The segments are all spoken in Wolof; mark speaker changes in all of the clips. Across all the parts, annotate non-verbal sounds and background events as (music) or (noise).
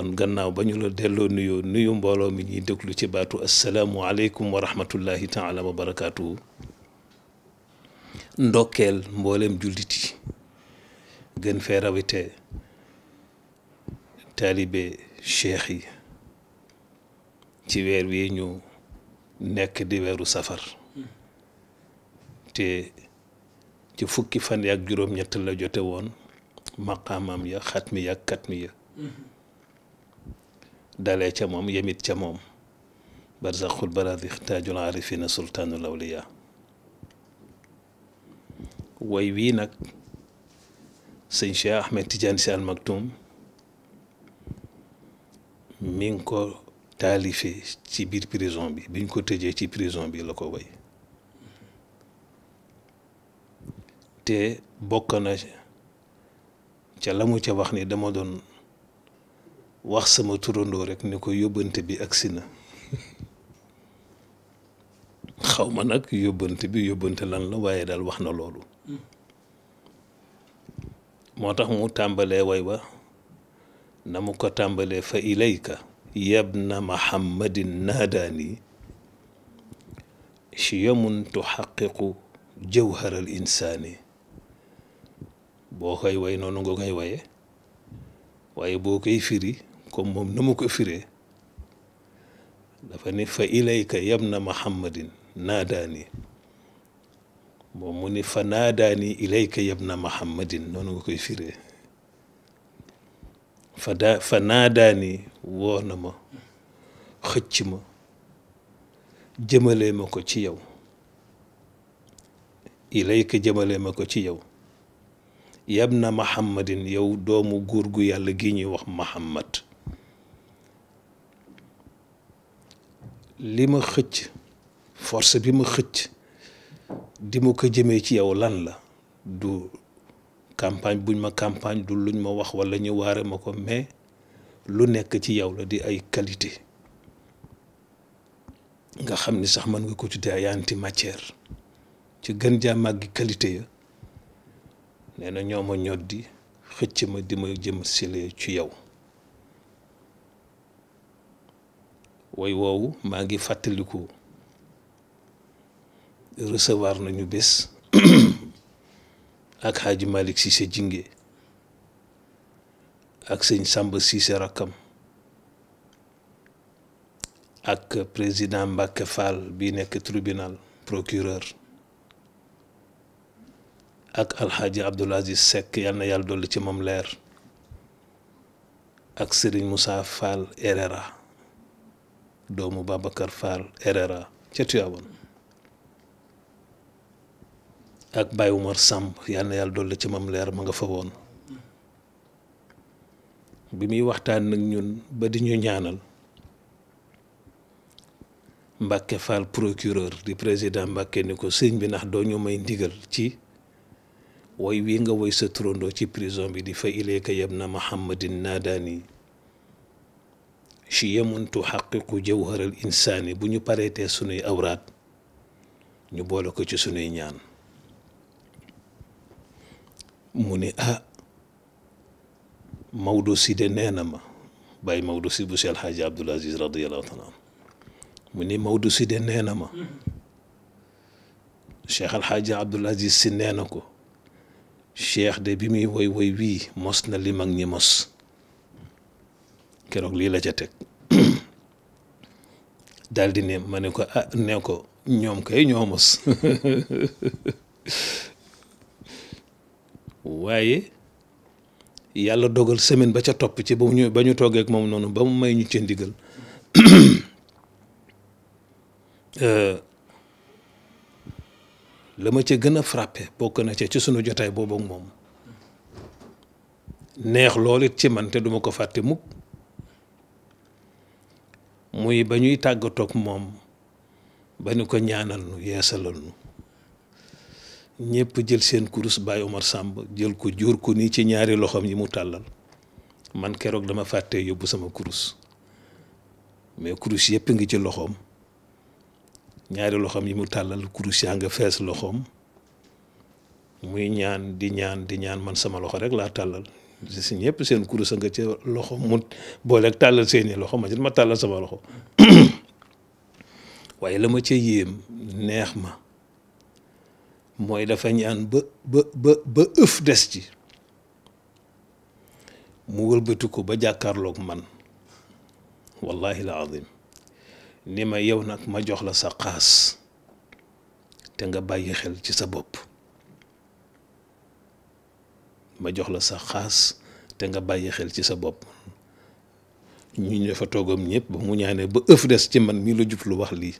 Speaker 1: kon gannaaw ba ñu la delloo nuyoo nuyu mbooloo mi ñuy déglu ci baatu asalaamualeykum wa rahmatullahi taala wa barakaatu. ndokkeel mboolem jullit yi gën fee rawite taalibe cheikh ci weer wi ñu nekk di weeru safar te ci fukki fan yaak juróom-ñett la jote woon maqaamam ya xatmi yaak katmi ya dalee ca moom yemit ca moom barzaxul baradix taajul arifina sultaanul awliya way wii nag sëñ Cheikh Ahmed Tidiane Sy Al ko taalifee ci biir prison bi biñ ko tëjee ci prison bi la ko way te bokk na ca la ca wax ni dama doon wax sama turandoo rek ni ko yóbbante bi agsi na xaw nag yóbbante bi yóbbante lan la waaye daal wax na loolu moo tax mu tàmbalee way wa na mu ko tàmbalee fa ilayka yabna muhammadin naadaani shiyamun tuxaqiqu jawharal insaani boo koy way noonu nga koy waye waaye boo koy firi comme moom na mu ko firee dafa ni fa ilayka yabna muhammadin naadaani moom mu ni fa naadaani ilayka yabna muhammadin noonu nga koy firee fa da fa naadaani woo na ma xëcc ma jëmalee ma ko ci yow ilayka jëmalee ma ko ci yow yabna muhammadin yow doomu góor gu yàlla gi ñuy wax muhammad li ma xëcc force bi ma xëcc di ma ko jëmee ci yow lan la du campagne buñ ma campagne du luñ ma wax walla ñu waare ma ko mais lu nekk ci yow la di ay qualité nga xam ni sax mën nga ko tuddee ay anti matière ci gën jaa màggi qualité ya nee na ñoo ma ñoddi xëcc ma di ma jëm sile ci yow way woowu maa ngi fàttaliku recevoir nañu bés ak Hadji malik Cissé Jinge ak sëñ Samba Cissé rakam ak président Mbacke Fall bi nekk tribunal procureur ak alxaaji Abdoul Aziz sek yal yàlla dolli ci mom leer ak Serigne Moussa Fall RRA doomu Babacar Fall RRA ca Tivaouane ak Baye Umar Samb yal na yàlla dolli ci mam leer ma nga fa woon bi muy waxtaan nag ñun ba di ñu ñaanal Mbacke Fall procureur di président Mbacke ni ko sëñ bi ndax doo ñu may ndigal ci woy wii nga woy sa turandoo ci prison bi di fa ileeka yab na Mahammadin naadaani chiyamun tuxaqiqu jawhara al insaani bu ñu pareetee sunuy awraat ñu boole ko ci sunuy ñaan mu ni ah Maodo si de nee na ma bàyyi Maodo si bu si alxaaji Abdul Aziz radiallahu taala an mu ni Maodo si de nee na ma cheikh alxaaji Abdul Aziz si nee na ko cheikh de bi muy woy woy wii mos na li mag ñi mos keroog lii la ca teg (coughs) daldi di ma ne ko ah ne ko ñoom kay ñoo mos (laughs) waaye yàlla dogal semaine ba ca topp ci ba ñu ba ñu toogee moom noonu ba mu may ñu ca ndigal (coughs) euh, la ma ca gën a frappé bokk na ca ci sunu jotaay boobu moom neex lool it ci man te duma ko fàtte mukk muy ba ñuy tàggatoog moom ba ñu ko ñaanal nu yeesalal nu ñëpp jël seen kurus Baye Omar sàmb jël ko jur ko ni ci ñaari loxoom yi mu tàllal man keroog dama fàtte yóbbu sama kurus mais kurus yëpp ngi ci loxoom ñaari loxoom yi mu tàllal kurus yaa nga fees loxoom muy ñaan di ñaan di ñaan man sama loxo rek laa tàllal si ñëpp seen kurus nga ca loxo mu booleeg tàllal seeni loxo ma jël ma tàllal sama loxo (coughs) waaye la ma ca yéem neex ma mooy dafa ñaan ba ba ba ëf des ci mu wëlbati ko ba jàkkaarloog man wallahi la azim ni ma yow nag ma jox la sa xaas te nga bàyyi xel ci sa bopp ma jox la sa xaas te nga bàyyi xel ci sa bopp ñu ñu fa toogam ñëpp ba mu ñaanee ba ëff des ci man mii la jublu wax lii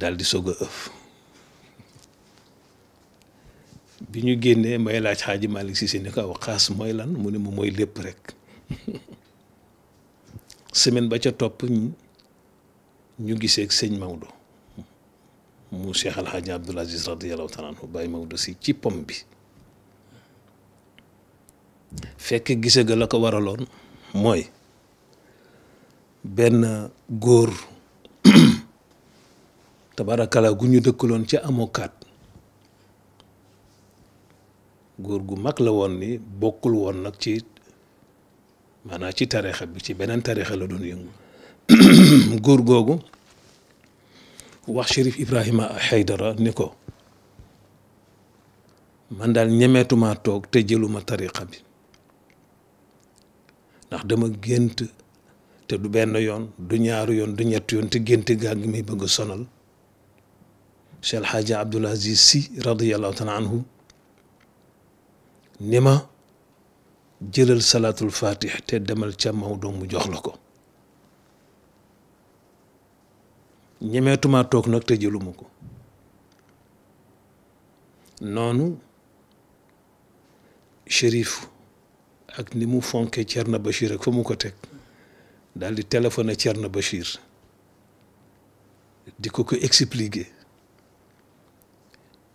Speaker 1: daal di soog a ëf bi ñu génnee may laaj xaaji Malick Cissé ni ko aw xaas mooy lan mu ne ma mooy lépp rek (laughs) semaine ba ca topp ñu gisee ak sëñ Maodo. mu Cheikh Al Hadj Abdoul Aziz radiyallahu taala anhu bàyyi Maodo si ci pom bi fekk gise ga la ko waraloon mooy benn góor (clears throat) tabarakala gu ñu dëkkaloon ca amokaat góor gu mag la woon ni bokkul woon nag ci maanaam ci tarixa bi ci beneen tarixa la doon yëngu (clears throat) góor googu wax shérif Ibrahima Aidara ni ko man daal ñemeetuma toog te jëluma tariqa bi ndax dama gént te du benn yoon du ñaaru yoon du ñett yoon te gént gaag mi bëgg sonal Cheikh El Hadji Abdoul Aziz Sy radiyallahu taala anhu ni ma jëlal salatul fatih te demal ca Maodo mu jox la ko ñemeetuma toog nag te jëlumu ko noonu Chérif ak ni mu fonke Thierno Bachir ak fa mu ko teg dal di téléphoné na Bachir di ko ko expliquer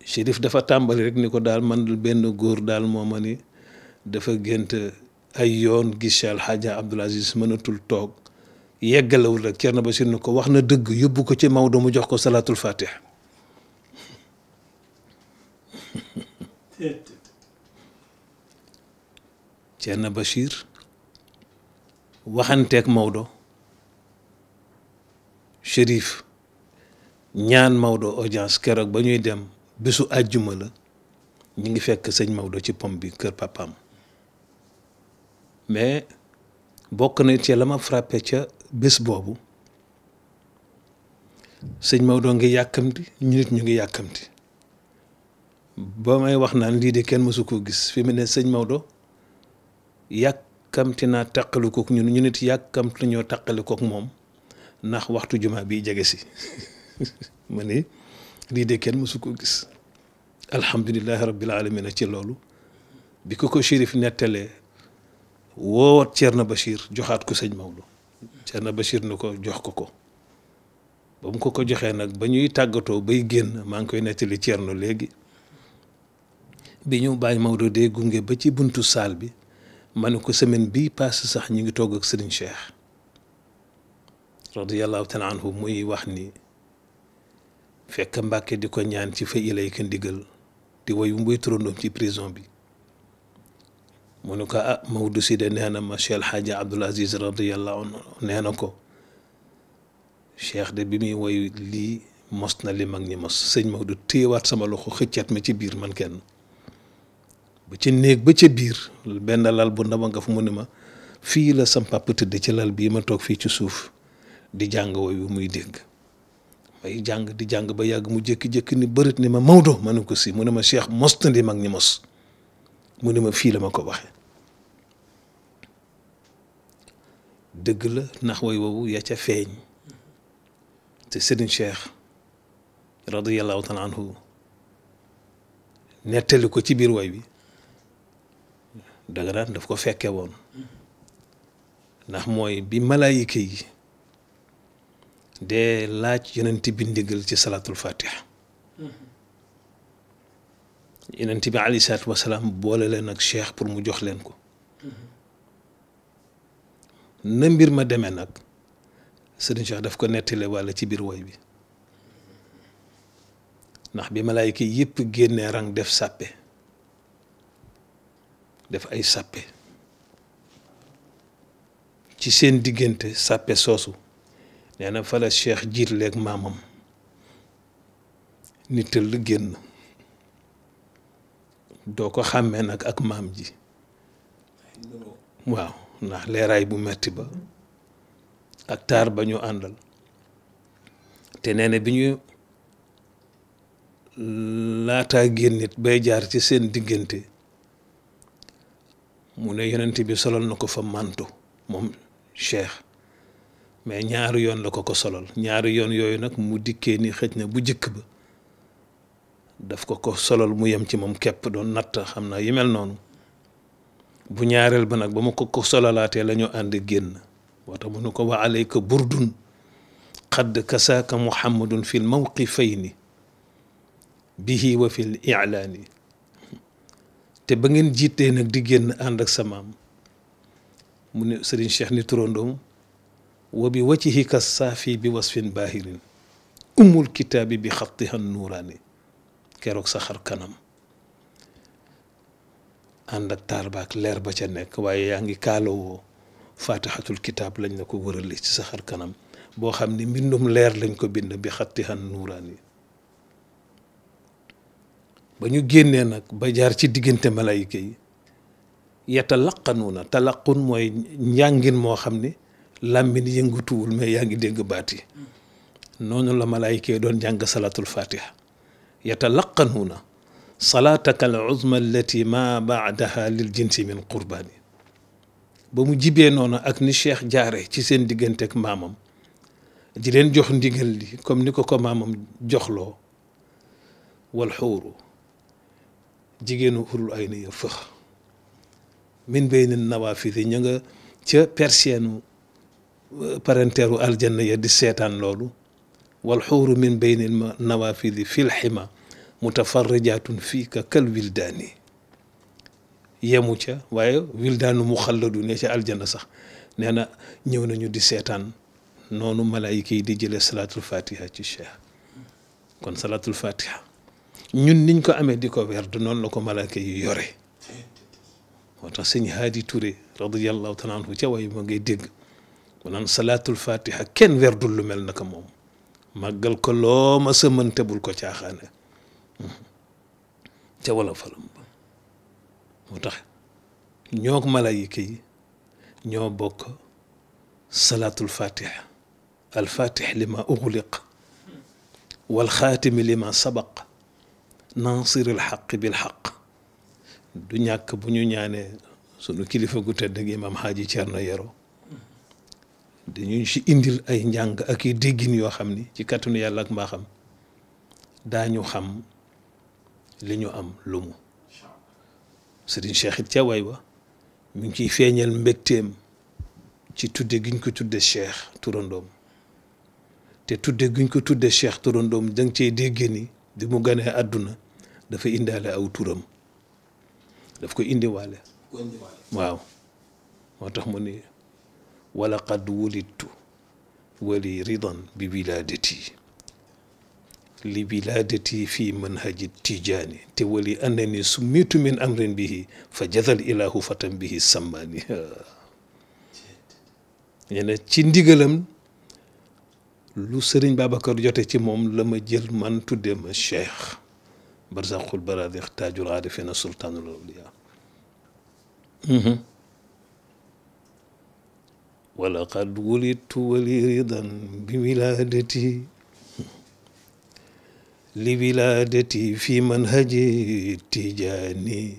Speaker 1: Chérif dafa tàmbali rek ni ko daal man benn góor daal moo ma ni dafa gént ay yoon gis Cheikh Alhaja mënatul toog yeggalawul rek Thierno Bachir ni ko wax na dëgg yóbbu ko ci Maodo mu jox ko salaatul fatih Thierno Bachir waxanteek Maodo Chérif ñaan Maodo audience keroog ba ñuy dem bésu àjjuma la ñu ngi fekk sëñ Maodo ci pom bi kër papaam mais bokk na ci la ma frappé ca bés boobu sëñ Maodo ngi yàkkamti ñu nit ñu ngi yàkkamti ba may wax naan lii de kenn mësu koo gis fi mu ne sëñ Maodo yàkkamti naa taqalu kook ñun ñu nit yàkkamti ñoo taqali kook moom ndax waxtu jumaa bi jege si (laughs) ma ne lii de kenn mësu koo gis alhamdulilahi rabbil alamina ci loolu bi ko ko shérif nettalee woowat Thierno Bachir joxaat ko sëñ Maodo Cerno Bachir na ko jox ko ko ba mu ko ko joxee nag ba ñuy tàggatoo bay génn maa ngi koy nettali Cerno léegi bi ñu bàyyi Maodo dee gunge ba ci buntu saal bi ma ne ko semaine bii paase sax ñu ngi togg ak Serigne Cheikh radiyallahu taala anhu muy wax ni fekk Mbàkke di ko ñaan ci fa ilay ka ndigal di woyu mboy turandoom ci prison bi منك مودسي دنيانا ما شيخ الحاج عبد العزيز رضي الله عنه نهانكو شيخ دبيمي وي لي مصنا لي ماغني مص سيغ مودو تي وات سما لوخو خيتيات ما تي بير مان كين با تي نيك با تي بير بن لال بو ندام غا فمو في لا سام باب تود تي توك في تي دي جانغ وي موي ديغ باي جانغ دي جانغ با ياغ مو جيك بريت ني مودو مانوكو سي مو شيخ مصنا لي ماغني مص mu ne ma fii la ko waxe dëgg la nax way woowu ya ca feeñ te Serigne Cheikh radiyallahu taala anhu nettali ko ci biir woy bi daga daan daf ko fekke woon ndax mooy bi malaayika yi dee laaj yonent bi ndigal ci salaatul fatiha yonent bi aleyhi salaatu wasalaam boole leen ak cheikh pour mu jox leen ko na mbir ma demee nag sëriñ cheikh daf ko nettale walla ci biir woy bi ndax bi kii yépp génnee rang def sàppe def ay sàppe ci seen diggante sàppe soosu nee na fa la cheikh jiit leeg maamam ni tëll génn doo ko xàmmee nag ak maam ji waaw ndax leeraay bu metti ba ak taar ba ñu àndal te nee na bi ñu laataa génnit bay jaar ci seen diggante mu ne yonent bi solal na ko fa manto moom cheikh mais ñaari yoon la ko ko solal ñaari yoon yooyu nag mu dikkee ni xëj na bu jëkk ba daf ko ko solol mu yem ci mom kep do nat xamna naa yi mel non bu ñaarel ba nak bama ko ko solalaatee lañu ànd génn wata mu ne ko wa alayka burdun qad kasaka muhammadun fil mawqifayn bihi wa fil i'lan te ba ngeen jiitee nak di génn ànd ak samam mu ne serigne cheikh ni turondom wa bi wajhika saafi bi wasfin bahirin umul kitabi bi xattiha nuuraani keroog sa xar kanam ànd ak baca nek ak leer ba ca nekk waaye yaa ngi kaalawoo faatixatul kitaab lañ ko ci sa xar kanam boo xam ni mbindum leer lañ ko bind bi xattihan nuuraan yi ba ñu génnee nag ba jaar ci diggante malayka yi yatalaqanuuna talaqun mooy njàngin moo xam ni làmmin yëngutuwul mais yaa ngi dégg baat yi noonu la yi doon salatul fatiha يتلقن هنا صلاتك العظمى التي ما بعدها للجنس من قرباني بمو جيبي نونا اك ني شيخ جاري سي سين ديغنتك مامام دي لين جوخ نديغل لي كوم نيكو كو مامام جوخلو والحور جيغينو حرل عين يا فخ من بين النوافذ نيغا تي بيرسينو بارنتيرو الجنه يا دي سيتان لولو والحور من بين النوافذ في الحما متفرجات فيك كالولدان يموتا واي ولدان مخلدون يا الجنه صح نانا نيو نيو دي سيطان نونو ملائكه دي جيل صلاه الفاتحه تي شيخ كون صلاه الفاتحه نيون نين كو امي ديكو وير نون لاكو ملائكه يوري وتا سيني هادي توري رضي الله تعالى عنه تي واي ماغي ديغ ونان صلاه الفاتحه كين وير دو لو مل نكا موم ما سمنتبول كو تياخانه ci wala falam ba motax ñok malaayika yi ño bok salatul fatih al fatih lima ughliq wal khatim lima sabaq nansir alxaq bilxaq du ñak bu ñu ñaanee sunu kilifa gu tedd ak imam haji Cerno Yero dañu ci indil ay njàng ak yi déggin yo xamni ci katunu yàlla ak mbaaxam daañu xam li ñu am lu mu sëriñ Cheikh it ca waay wa mu ngi ciy feeñal mbégteem ci tudde giñ ko tudde Cheikh turandoom te tudde giñ ko tudde Cheikh turandoom da cee cey dégg ni mu ganee àdduna dafa indaale aw turam daf ko indiwaale waaw moo tax mu ni walaqad wulidtu wali ridan bi wilaadati لبلادتي في منهج التجاني تولي أنني سميت من أمر به فجذا الإله فتن به سماني يعني تشندقلم لو سرين بابا كر جوتي موم لما جير من تدم الشيخ برزاق البرادي اختاج العارفين السلطان الأولياء ولقد ولدت ولي رضا بولادتي لبلادتي في منهج التجاني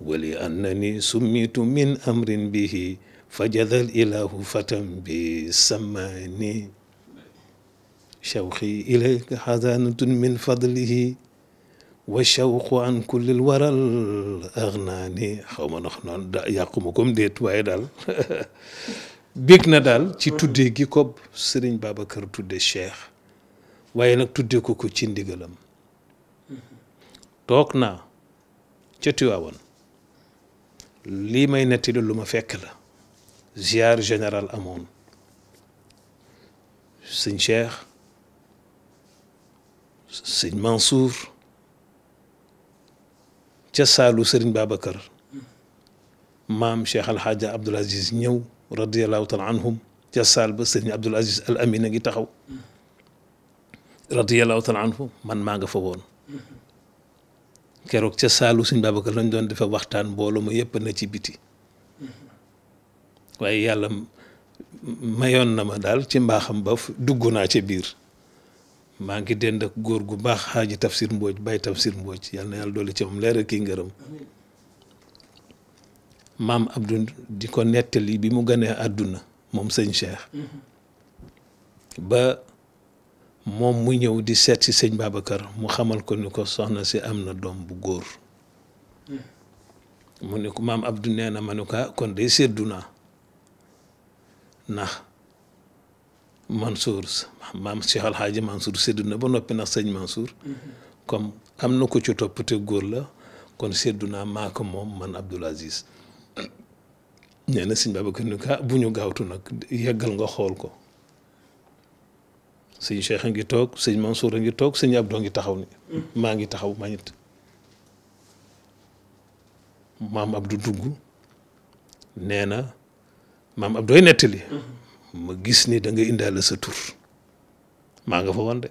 Speaker 1: ولأنني سميت من أمر به فجذ الإله فتى بسماني شوقي إليك حزانة من فضله والشوق عن كل الورى الأغناني خوما نحن يقومكم ديت da yàqu ma تي déet waaye daal bég na daal ci waye nak tuddé ko ko ci ndigalam toog ci ca Tiwaawan lii may netti lu ma fekk la ziar général amone seigne Cheikh seigne Mansour ci salu sëriñ Babacar mam Cheikh Al Hadj Abdoul ñëw radiyallahu taala anhum ci sal ba sëriñ abdoulaziz Al Amin a ngi taxaw. radiyallahu taala man maa nga fa woon keroog ca saalu suñ Babacar lañ doon defe waxtaan mbooloo ma yëpp na ci biti waaye yàlla mayoon na ma daal ci mbaaxam ba dugg naa ci biir maa ngi dend ak góor gu baax xaaji tafsir mbooj bàyyi tafsir mbooj yàlla na yàlla doole ci moom leer ak kii ngërëm maam Abdou di ko nettali bi mu gënee àdduna moom sëñ Cheikh mm-hmm. ba moom mu ñëw di seet si sëñ Babacar mu xamal ko ni ko soxna si am na doom bu góor mu ne ko maam Abdou nee na ma ah, kon day seddu naa nax Mansour maam Cheikh Al Hadji Mansour seddu na ba noppi ndax sëñ Mansour comme am na ko ci topp te góor la kon seddu naa maa ko moom man Abdoul Aziz (coughs) nee na sëñ Babacar ni ah, bu ñu gaawtu nag yëggal nga xool ko. sëñ Cheikh a ngi toog sëñ Mansour a ngi toog sëñ Abdou ngi taxaw ni mm. maa ngi taxaw ma nit maam Abdou dugg nee na maam Abdooy nettali mm-hmm. ma gis ni da nga sa tur maa nga fa woon de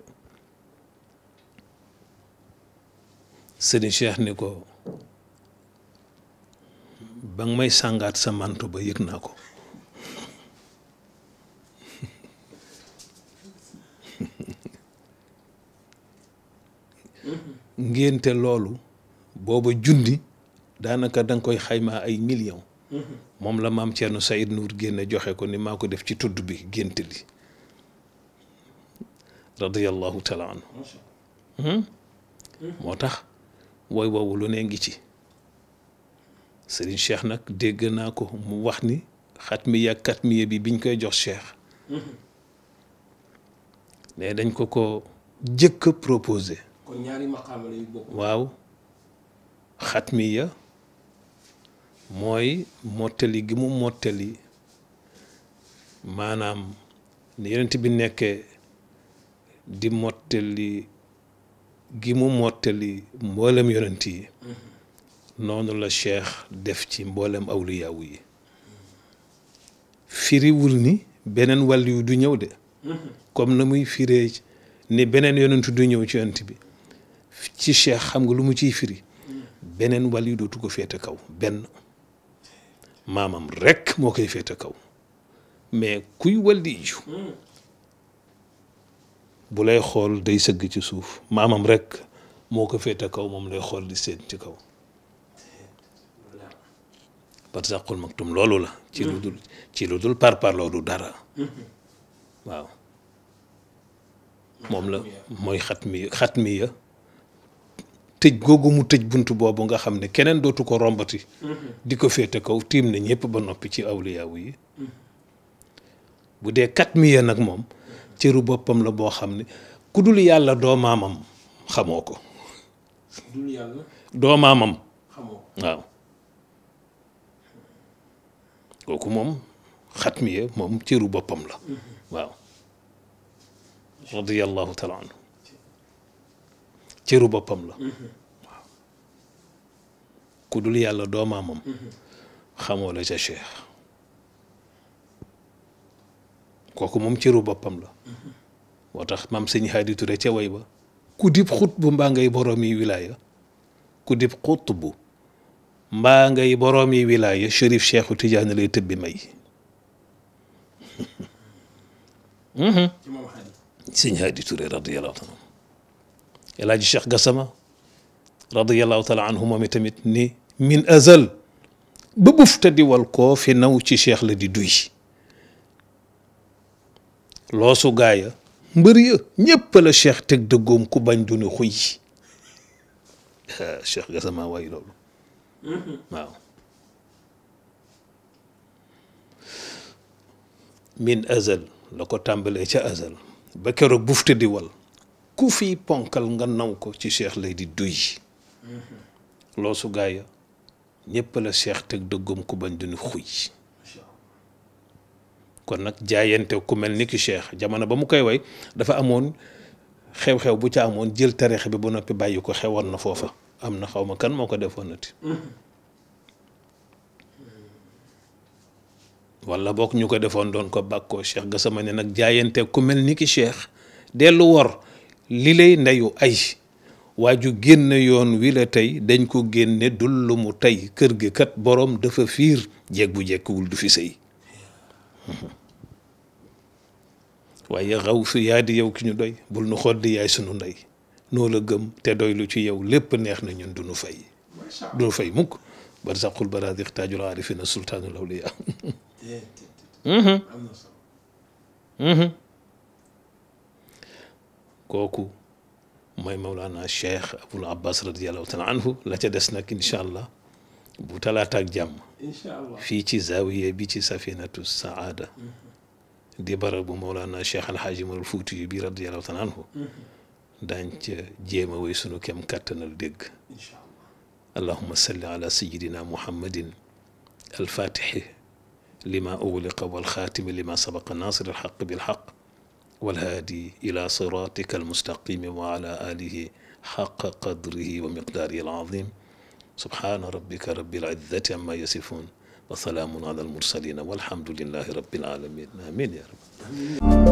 Speaker 1: sëñ ni ko ba may sàngaat sa manto ba yëg naa ko ngénte loolu booba junni daanaka danga koy xayma ay millions. moom la maam ceenu Saïd Nour génne joxe ko ni maa ko def ci tudd bi gént li radiyallahu taala anhu hmm? Hmm? moo tax woy woowu lu ne ngi ci Serigne Cheikh nag dégg naa ko mu wax ni xatmiya ak mi bi biñ koy jox Cheikh mais hmm. dañ ko ko jëkk proposé kon ñaari maqaama yu bokk. waaw xatmiya mooy mottali gi mu mottali maanaam ni bi nekkee di mottali gi mu mottali mboolem yonent yi mm-hmm. noonu la cheikh def ci mboolem awliyaaw yi firiwul ni beneen wàll du ñëw de mm-hmm. comme na muy firee ni beneen yonent du ñëw ci yonent bi ci cheikh xam nga lu mu ciy firi beneen wàll yi dootu ko féete kaw benn maamam rekk moo koy féete kaw mais kuy wàlli ju bu lay xool day sëgg ci suuf maamam rekk moo ko féete kaw moom lay xool di seen ci kaw barzaqul maktum loolu la ci lu dul ci dul par par loolu dara waaw moom la mooy xat mi xat mi ya tëj googu mu tëj bunt boobu nga xam ne keneen dootu ko rombati. Mhm. di ko féete kaw tiim nañ ñëpp ba noppi ci awliyaawu yi. Mhm. bu dee kat miya nag moom. cëru boppam la boo xam ne ku dul yàlla doo maamam xamoo ko. dul yàlla. kooku moom xat moom cëru boppam la. Mhm. waaw. radiyallahu taala anhu cëru bopam
Speaker 2: la waaw
Speaker 1: ku dul yàlla doomaamam
Speaker 2: xamoo
Speaker 1: xamola ca cheikh kooku moom cëru bopam la motax mam seigne hadi touré ci way ba ku dib khutbu mba ngay borom yi wilaya ku dib khutbu mba ngay borom yi wilaya Chérif cheikh Tidiane lay tëbbi may sëñ Haadi Ture radiyallahu anhu El Hadj Cheikh Gassama radiyallahu taala anhuma mi tamit ni min azal ba buftadiwal koo fi naw ci cheikh la di duy loosu gaaya mbër ya ñépp la cheikh teg dëggoom ku bañ du ni xuy cheikh Gassama waay loolu waaw min azal la ko tàmbalee ca azal ba keroog buftadiwal ku fi ponkal nga naw ko ci cheikh lay di duy loosu gaaya ñépp la cheikh teg dëggum ku bañ duñu xuy kon nag jaayante ku mel ni ki cheikh jamono ba mu koy way dafa amoon xew-xew bu ca amoon jël tarix bi ba noppi bàyyi ko xewoon na foofa am na xaw ma kan moo ko defoon nati wala ñu ko defoon doon ko bàkkoo cheikh ga sama ne nag jaayante ku mel ni ki cheikh dellu wor li lay ndeyu ay waa ju génn yoon wi la tey dañ ko génne dul lu mu tey kër gi kat boroom dafa fiir jeeg bu jekkiwul du fi sëy (laughs) waaye xaw su yaa di yow ki ñu doy bul nu xool di yaay sunu ndey noo la gëm te doy lu ci yow lépp neex na ñun du fay du fay mukk barzaqul barazix taajul aarifina sultaanul awliyaa (laughs) mhm. كوكو ماي مولانا الشيخ ابو العباس رضي الله تعالى عنه لا تدسنا ان شاء الله بو ثلاثه ان شاء الله في تي زاويه بي تي سفينه السعاده دي برب مولانا الشيخ الحاج مرفوتي بي رضي الله تعالى عنه دانت جيما وي كم كاتنا الدق ان شاء الله اللهم صل على سيدنا محمد الفاتح لما اغلق والخاتم لما سبق الناصر الحق بالحق والهادي إلى صراطك المستقيم وعلى آله حق قدره ومقداره العظيم سبحان ربك رب العزة عما يصفون وسلام على المرسلين والحمد لله رب العالمين آمين يا رب